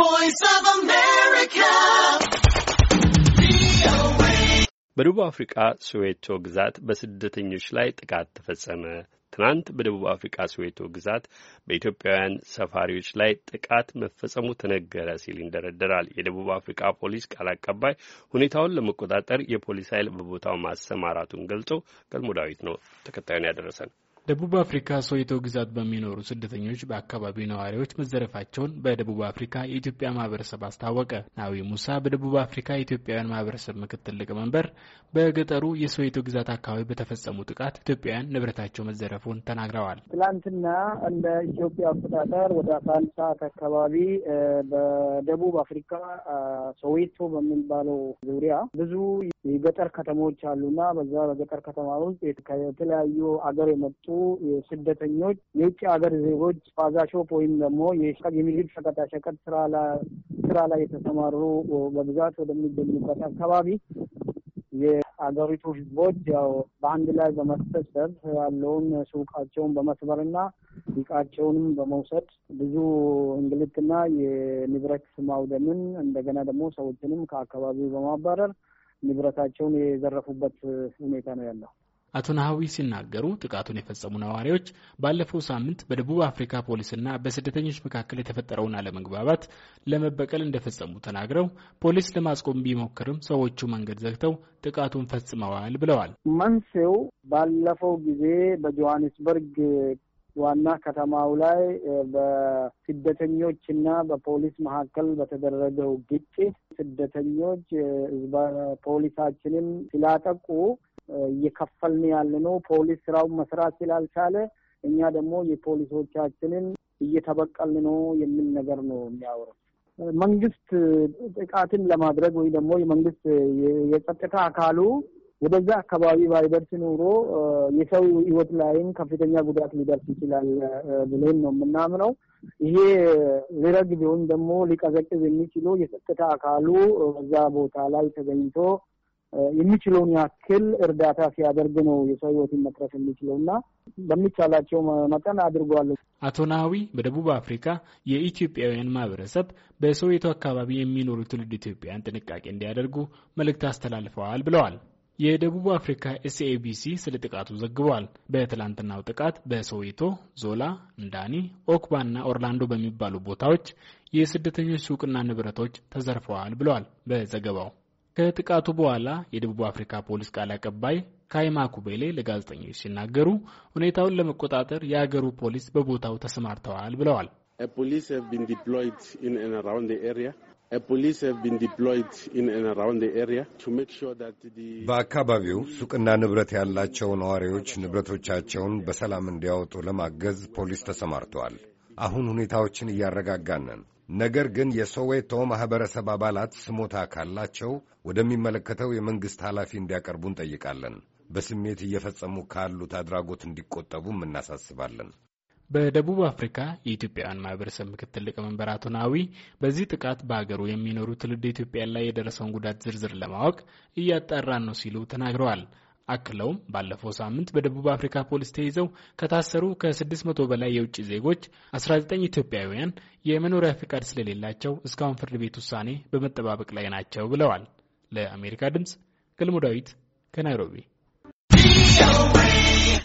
voice of America. በደቡብ አፍሪቃ ሶዌቶ ግዛት በስደተኞች ላይ ጥቃት ተፈጸመ። ትናንት በደቡብ አፍሪካ ስዌቶ ግዛት በኢትዮጵያውያን ሰፋሪዎች ላይ ጥቃት መፈጸሙ ተነገረ ሲል ይንደረደራል የደቡብ አፍሪካ ፖሊስ ቃል አቀባይ። ሁኔታውን ለመቆጣጠር የፖሊስ ኃይል በቦታው ማሰማራቱን ገልጾ ገልሞ ዳዊት ነው ተከታዩን ያደረሰን። ደቡብ አፍሪካ ሶዌቶ ግዛት በሚኖሩ ስደተኞች በአካባቢው ነዋሪዎች መዘረፋቸውን በደቡብ አፍሪካ የኢትዮጵያ ማህበረሰብ አስታወቀ። ናዊ ሙሳ በደቡብ አፍሪካ የኢትዮጵያውያን ማህበረሰብ ምክትል ሊቀመንበር በገጠሩ የሶዌቶ ግዛት አካባቢ በተፈጸሙ ጥቃት ኢትዮጵያውያን ንብረታቸው መዘረፉን ተናግረዋል። ትላንትና እንደ ኢትዮጵያ አቆጣጠር ወደ አስራ አንድ ሰዓት አካባቢ በደቡብ አፍሪካ ሶዌቶ በሚባለው ዙሪያ ብዙ የገጠር ከተሞች አሉና በዛ በገጠር ከተማ ውስጥ ከተለያዩ አገር የመጡ ስደተኞች የውጭ ሀገር ዜጎች ፋዛ ሾፕ ወይም ደግሞ የምግብ ሸቀጣሸቀጥ ስራ ላይ የተሰማሩ በብዛት ወደሚገኙበት አካባቢ የአገሪቱ ህዝቦች ያው በአንድ ላይ በመሰብሰብ ያለውን ሱቃቸውን በመስበርና እቃቸውንም በመውሰድ ብዙ እንግልትና የንብረት ማውደምን እንደገና ደግሞ ሰዎችንም ከአካባቢው በማባረር ንብረታቸውን የዘረፉበት ሁኔታ ነው ያለው። አቶ ናሀዊ ሲናገሩ ጥቃቱን የፈጸሙ ነዋሪዎች ባለፈው ሳምንት በደቡብ አፍሪካ ፖሊስና በስደተኞች መካከል የተፈጠረውን አለመግባባት ለመበቀል እንደፈጸሙ ተናግረው ፖሊስ ለማስቆም ቢሞክርም ሰዎቹ መንገድ ዘግተው ጥቃቱን ፈጽመዋል ብለዋል። መንስኤው ባለፈው ጊዜ በጆሃንስበርግ ዋና ከተማው ላይ በስደተኞች በፖሊስ መካከል በተደረገው ግጭት ስደተኞች ፖሊሳችንን ስላጠቁ እየከፈልን ነው። ፖሊስ ስራውን መስራት ስላልቻለ እኛ ደግሞ የፖሊሶቻችንን እየተበቀልን ነው የሚል ነገር ነው የሚያወሩት። መንግስት ጥቃትን ለማድረግ ወይ ደግሞ የመንግስት የጸጥታ አካሉ ወደዛ አካባቢ ባይደርስ ኑሮ የሰው ህይወት ላይም ከፍተኛ ጉዳት ሊደርስ ይችላል ብለን ነው የምናምነው። ይሄ ሊረግብ ቢሆን ደግሞ ሊቀዘቅዝ የሚችለው የጸጥታ አካሉ በዛ ቦታ ላይ ተገኝቶ የሚችለውን ያክል እርዳታ ሲያደርግ ነው የሰው ህይወትን መትረፍ የሚችለውና በሚቻላቸው መጠን አድርጓል። አቶ ናሀዊ በደቡብ አፍሪካ የኢትዮጵያውያን ማህበረሰብ በሶዌቶ አካባቢ የሚኖሩ ትውልድ ኢትዮጵያውያን ጥንቃቄ እንዲያደርጉ መልእክት አስተላልፈዋል ብለዋል። የደቡብ አፍሪካ ኤስኤቢሲ ስለ ጥቃቱ ዘግቧል። በትላንትናው ጥቃት በሶዌቶ፣ ዞላ፣ እንዳኒ፣ እና ኦርላንዶ በሚባሉ ቦታዎች የስደተኞች ሱቅና ንብረቶች ተዘርፈዋል ብለዋል በዘገባው። ከጥቃቱ በኋላ የደቡብ አፍሪካ ፖሊስ ቃል አቀባይ ካይማ ኩቤሌ ለጋዜጠኞች ሲናገሩ ሁኔታውን ለመቆጣጠር የአገሩ ፖሊስ በቦታው ተሰማርተዋል ብለዋል። በአካባቢው ሱቅና ንብረት ያላቸው ነዋሪዎች ንብረቶቻቸውን በሰላም እንዲያወጡ ለማገዝ ፖሊስ ተሰማርተዋል። አሁን ሁኔታዎችን እያረጋጋነን። ነገር ግን የሶዌቶ ማኅበረሰብ አባላት ስሞታ ካላቸው ወደሚመለከተው የመንግሥት ኃላፊ እንዲያቀርቡ እንጠይቃለን። በስሜት እየፈጸሙ ካሉት አድራጎት እንዲቆጠቡም እናሳስባለን። በደቡብ አፍሪካ የኢትዮጵያውያን ማህበረሰብ ምክትል ሊቀመንበር አቶ ናዊ በዚህ ጥቃት በሀገሩ የሚኖሩ ትውልደ ኢትዮጵያን ላይ የደረሰውን ጉዳት ዝርዝር ለማወቅ እያጣራን ነው ሲሉ ተናግረዋል። አክለውም ባለፈው ሳምንት በደቡብ አፍሪካ ፖሊስ ተይዘው ከታሰሩ ከ600 በላይ የውጭ ዜጎች 19 ኢትዮጵያውያን የመኖሪያ ፍቃድ ስለሌላቸው እስካሁን ፍርድ ቤት ውሳኔ በመጠባበቅ ላይ ናቸው ብለዋል። ለአሜሪካ ድምፅ ገልሞ ዳዊት ከናይሮቢ